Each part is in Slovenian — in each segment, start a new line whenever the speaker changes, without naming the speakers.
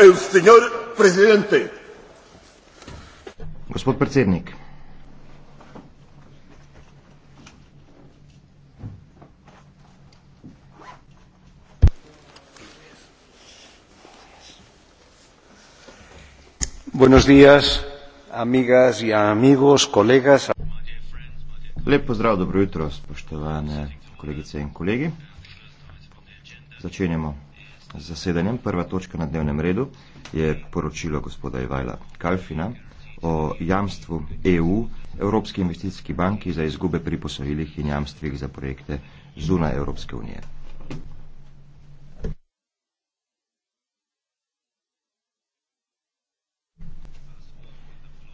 el señor presidente.
Gospod predsednik.
Buenos días, amigas y amigos, colegas.
Lep pozdrav, dobro jutro, spoštovane kolegice in kolegi. Začenjamo zasedanjem. Prva točka na dnevnem redu je poročilo gospoda Ivajla Kalfina o jamstvu EU, Evropski investicijski banki za izgube pri posojilih in jamstvih za projekte zunaj Evropske unije.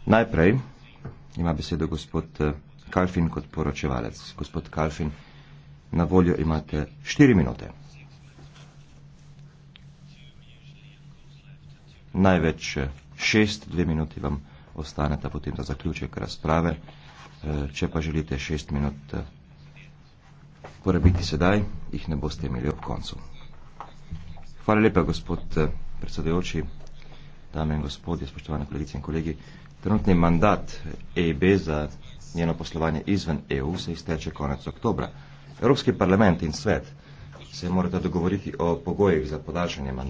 Najprej ima besedo gospod eh, Kalfin kot poročevalec. Gospod Kalfin, na voljo imate štiri minute. največ eh, šest, dve minuti vam ostaneta potem za zaključek razprave. Eh, če pa želite šest minut eh, porabiti sedaj, jih ne boste imeli ob koncu. Hvala lepa, gospod predsedujoči, dame in gospodje, spoštovane kolegice in kolegi. Trenutni mandat EIB e za njeno poslovanje izven EU se izteče konec oktobra. Evropski parlament in svet se morata dogovoriti o pogojih za podaljšanje
mandata.